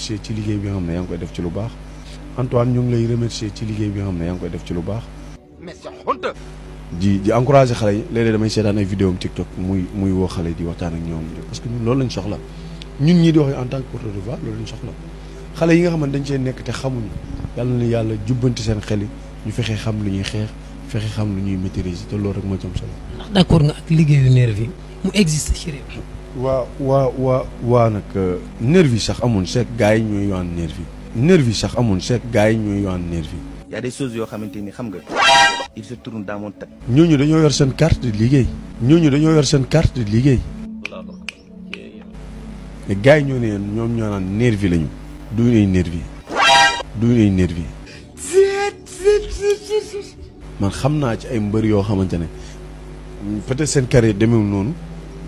remercier ci liggéey bi nga xam ne yaa ngi koy def ci lu baax Antoine ñu ngi lay remercier ci liggéey bi nga xam ne yaa ngi koy def ci lu baax. di di encouragé xale yi léeg damay seetaan ay vidéo am TikTok muy muy woo xale yi di waxtaan ak ñoom parce que ñun loolu lañ soxla ñun ñii di wax en tant que porte de voix loolu lañ soxla xale yi nga xam ne dañ cee nekk te xamuñu yàlla na yàlla jubbanti seen xel yi ñu fexe xam lu ñuy xeex fexe xam lu ñuy maîtriser te loolu rek moo ci am solo. ndax d'accord nga ak waa waa waa waa nag euh, nervi yi sax amoon seet gars yi ñooy yoon nervi nervi yi sax amoon seet gars yi ñooy yoon nervi yi. y a yoo xamante ni xam nga. il se tourne ñooñu dañoo yor seen carte de liggéey. ñooñu dañoo yor seen carte de liggéey. te gars yi ñoo ne ñoom ñoo naan nervi lañu. du ay nervi du ay nervi man xam naa ci ay mbër yoo xamante ne peut seen seen carrière demeewul noonu.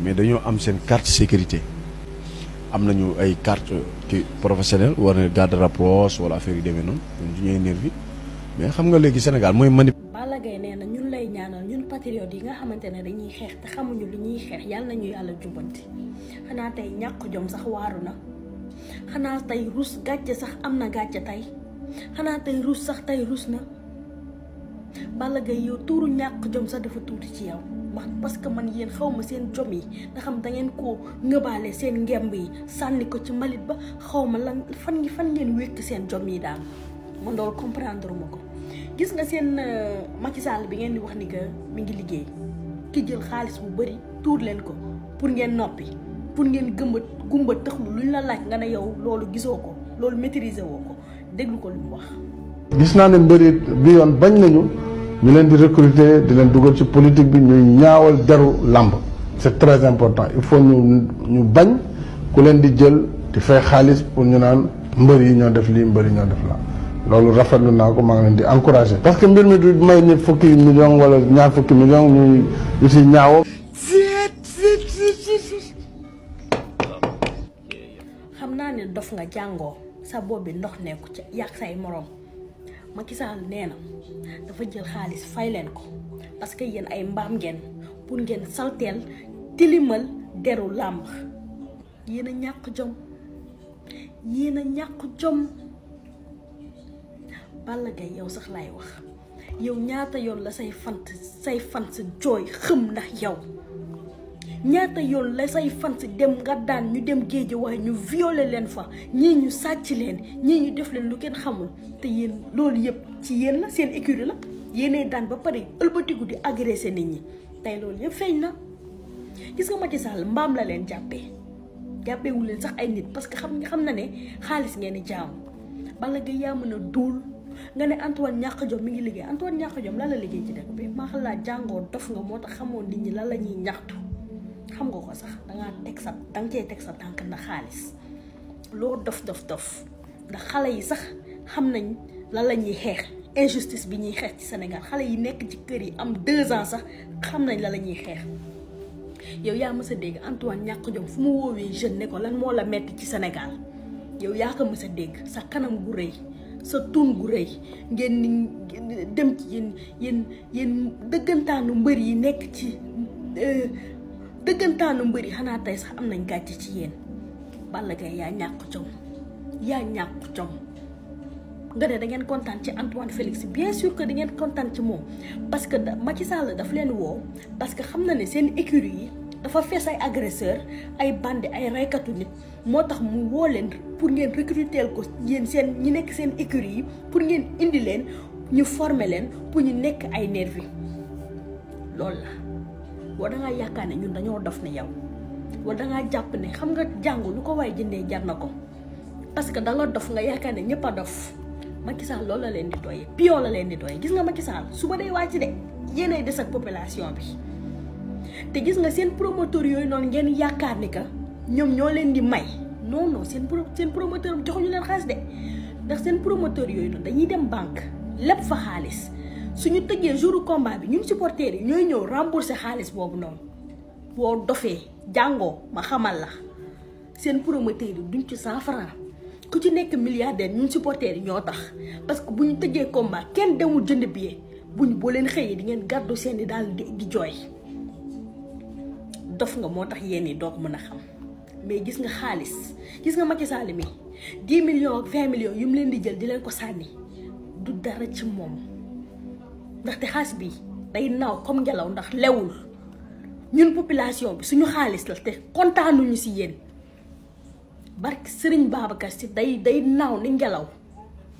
mais dañoo am seen carte sécurité am nañu ay carte ki professionnelle war na garde rapproche wala affaire yu demee noonu ñun du ñuy nervi mais xam nga léegi Sénégal mooy manip. Balla Gaye nee ñun lay ñaanal ñun patriotes yi nga xamante ne dañuy xeex te xamuñu lu ñuy xeex yàlla nañu yàlla jubanti xanaa tey ñàkk jom sax waaru na xanaa tey rus gàcce sax am na gàcce tey xanaa tey rus sax tey rus na. Balla Gaye yow tuuru ñàkk jom sax dafa tuuti ci yow wax parce que man yéen xaw ma seen jom yi nga xam da ngeen koo ngëbaale seen ngemb yi sànni ko ci mbalit ba xaw ma lan fan ngi fan ngeen wékk seen jom yi daal man loolu comprendre ma ko. gis nga seen euh, Macky Sall bi ngeen di wax ni que mi ngi liggéey ki jël xaalis bu bëri tuur leen ko pour ngeen noppi pour ngeen gëmba gumba taxlu luñ la laaj nga ne yow loolu gisoo ko loolu maîtriser woo ko déglu ko lu mu wax. gis na ne mbëri bi yon bañ nañu ñu len di recruter di len duggal ci politique bi ñuy ñaawal deru lamb c'est très important il faut ñu ñu bañ ku len di jël di fay xaliss pour ñu naan mbër yi ñoo def li mbër yi ñoo def la lolu rafetlu naa ko ngi di encourager parce que mbir mi du may ni fukki million wala ñaar fukki million ñu ñu ci ñaawu xamna ni dof nga jango sa bobbi ndox neeku ci yak say morom Macky Sall nee na dafa jël xaalis fay leen ko parce que yéen ay mbaam ngeen pour ngeen salteel tilimal deru làmb yéen a ñàkk jom yéen a ñàkk jom bàll yow sax laay wax yow ñaata yoon la say fant say fant sa jooy xëm ndax yow ñaata yoon la say fan si dem nga daan ñu dem géej waaye ñu violé leen fa ñii ñu sàcc leen ñii ñu def leen lu kenn xamul te yéen loolu yëpp ci yéen la seen écurie la yéenay daan ba pare ëlbatiku di agressé nit ñi tey loolu yëpp feeñ na gis nga Macky Sall mbaam la leen jàppee jàppeewu leen sax ay nit parce que xam xam na ne xaalis ngeen di jaamu bala nga yaa mën a duul nga ne Antoine ñàkk jom mi ngi liggéey Antoine ñàkk jom lan la liggéey ci dëkk bi maa xam moo tax xamoon nit ñi lan la ñuy ñaxtu xam nga ko sax dangaa teg sa danga cee teg sa tànk na xaalis loo dof dof dof ndax xale yi sax xam nañ lan la ñuy xeex injustice bi ñuy xeex ci Sénégal xale yi nekk ci kër yi am deux ans sax xam nañ la la ñuy xeex yow yaa mës a dégg Antoine ñàkk jom fu mu woowee jeune ne ko lan moo la metti ci Sénégal yow yaa ko mës a dégg sa kanam gu rëy sa tun gu rëy ngeen dem ci yéen yéen dëggantaanu mbër yi nekk ci euh, dëggantaanu mbëri xanaa tey sax am nañ gàcce ci yéen Balla Gaye yaa ñàkk jom yaa ñàkk jom nga ne da ngeen kontaan ci Antoine Félix bien sûr que da kontaan ci moom parce que ci Sall dafa leen woo parce que xam na ne seen écurie yi dafa fees ay agresseur ay bandi ay raykatu nit moo tax mu woo leen pour ngeen recruter ko yéen seen ñi nekk seen écurie yi pour ngeen indi leen ñu former leen pour ñu nekk ay nervi loolu la wala dangaa yaakaar ne ñun dañoo dof ne yow wala dangaa jàpp ne xam nga jàngu lu ko waaye jëndee jar na ko parce que dala dof nga yaakaar ne ñëpp a dof Macky Sall loolu la leen di doyee pion la leen di doyee gis nga Macky Sall suba day wàcc de yéenay des ak population bi te gis nga seen promoteur yooyu noonu ngeen yaakaar ni que ñoom ñoo leen di may non non seen pro seen promoteur joxuñu leen xaalis de ndax seen promoteur yooyu noonu dañuy dem banque lépp fa xaalis. suñu tëjee jour combat bi ñun supporters yi ñooy rembourser xaalis boobu noonu boo dofee jàngoo ma xamal la seen promoteur yi duñ ci cent franc ku ci nekk milliardaire ñun supporters yi ñoo tax parce que bu ñu tëjee combat kenn demul jënd billet buñ boo leen xëyee di ngeen gàddu seen i daal di jooy dof nga moo tax yéen doog mën xam mais gis nga xaalis gis nga Macky Sall mi 10 millions ak 20 millions yum mu leen di jël di leen ko sanni du dara ci mom ndaxte xas bi day naaw comme ngelaw ndax lewul ñun population bi suñu xaalis la te kontaanuñu si yéen barke sëriñ Babacar ci day day naaw ni ngelaw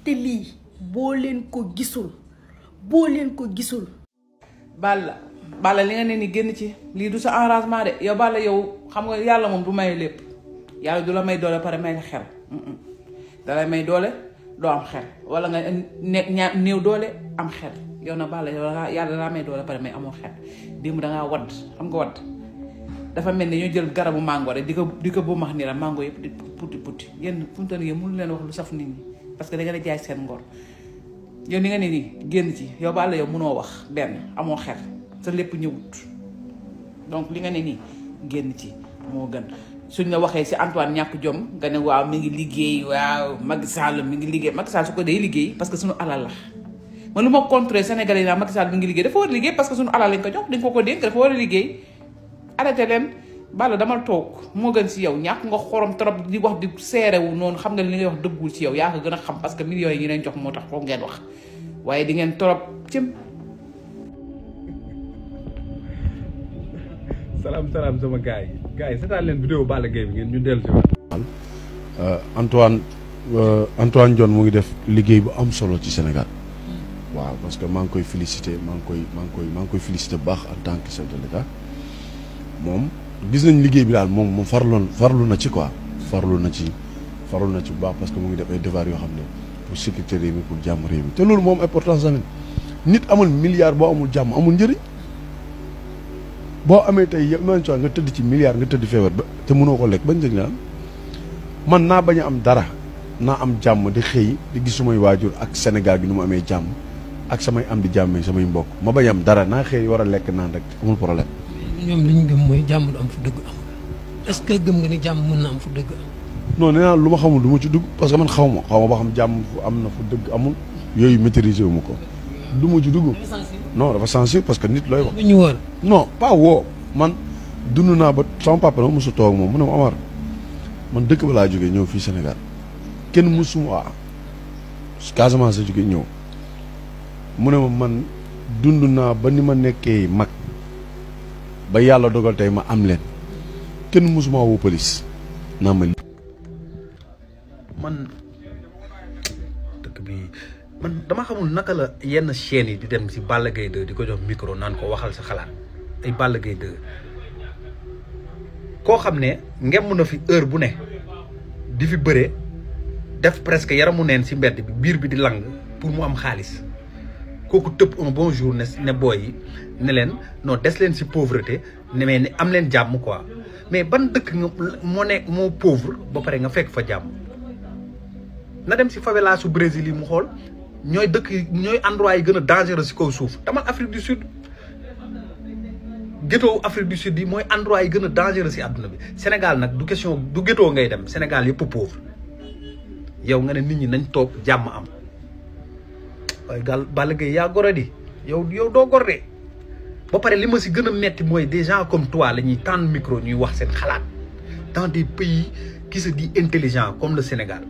te lii boo leen ko gisul boo leen ko gisul Balla Balla li nga ne ni génn ci lii du sa arrangement de yow Balla yow xam nga yàlla moom du may lépp yàlla du la may doole pare may la xel dalay may doole doo am xel wala nga ne néew doole am xel yow na bala yàlla laa may doole pare may amoo xel démb dangaa wadd xam nga wadd dafa mel ni ñoo jël garabu mango rek di ko di ko buumax ni la mango yëpp di puti puti yéen fu mu toll leen wax lu saf nit ñi parce que da nga jaay seen ngor yow ni nga ne nii génn ci yow bala yow mënoo wax benn amoo xel sa lépp ñëwut donc li nga ne nii génn ci moo gën suñ la waxee si Antoine ñàkk jom nga ne waaw mi ngi liggéey waaw Macky Sall ngi liggéey Macky su ko dee liggéey parce que suñu alal la man lu ngi liggéey dafa war a liggéey parce jox dañ ko ko dénk dafa war a liggéey arrêté leen dama toog moo gën si yow ñàkk nga xorom trop di wax di seerewu noonu xam nga li ngay wax dëggul si yow yaa ko gën a xam parce que millions yi ñu leen jox moo tax foog ngeen wax waaye di ngeen trop cim salaam salaam sama gars yi gars yi seetaan leen vidéo Balla Gaye bi ngeen ñu dellu si waat. Euh, Antoine euh, Antoine Diome mu ngi def liggéey bu am solo ci Sénégal. waaw parce que maa ngi koy félicité maa ngi koy maa ngi koy maa ngi koy félicité bu baax en tant que moom gis nañ liggéey bi daal moom moom farloon farlu na ci quoi farlu na ci farlu na ci bu baax parce que mu ngi def ay devoir yoo xam ne pour sécurité réew mi pour jàmm réew mi te loolu moom importance tamit nit amul milliard boo amul jàmm amul njëriñ bo amé tay yépp non coono nga tëdd ci milliard nga tëdd feebar ba té mëno ko lek bañ njëg na man na baña am dara na am jamm di xey di gis sumay waajur ak Sénégal bi numu amé jamm ak samay am di jamm samay mbokk ma baña am dara na xey wara lek lekk rek amul problème. ñom liñ gëm moy jamm du am fu dëgg am est-ce que gëm nga ni jamm mën na am fu dëgg am. non néna luma xamul duma ci dugg parce que man xawma xawma ba xam jamm fu amna fu dëgg amul yoyu maîtriser wu ma ko du ma ci dugg. non dafa sensible parce que nit lay wax. ñu wër non man dund but ba sama papa nag mosu toog moom mu ne ma Amar man dëkk ba laa jógee ñëw fii Sénégal kenn mosuma Casamance la jógee ñëw mu ne man dund naa ba ni ma nekkee mag ba yàlla dogal tey ma am leen kenn mosuma woo police ma. naka la yenn chaîne yi di dem si Balla gay 2 di jox micro nan ko waxal sa xalaat ay Balla gay 2 ko xamne ne na fi heure bu ne di fi beure def presque yaramu nen ci mbedd bi bir bi di lang pour mu am xaliss koku tepp un bon jour ne ne yi ne len non des len si pauvreté ne mais ne am len jamm quoi mais ban deuk nga mo nekk moo pauvre ba pare nga fekk fa jamm na dem si favela su Brésil yi mu xol ñoy dëkk ñoy endroit yi gën a dangereux ci kaw suuf taman Afrique du Sud ghetto Afrique du Sud yi mooy endroit yi gën a dangereux si àdduna bi Sénégal nag du question du ghetto ngay dem Sénégal yëpp pauvre yow nga ne nit ñi nañ toog jàmm am waaye gal Balla Gaye yaa gore di yow yow doo gor de ba pare li ma si gën a metti mooy des gens comme toi la ñuy tànn micro ñuy wax seen xalaat dans des pays qui se dit intelligent comme le Sénégal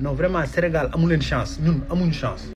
non vraiment Sénégal amu leen chance Nous, ñun amuñ chance